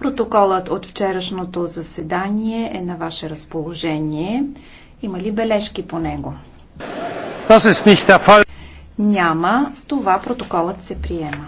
Протоколът от вчерашното заседание е на ваше разположение. Има ли бележки по него? Няма. С това протоколът се приема.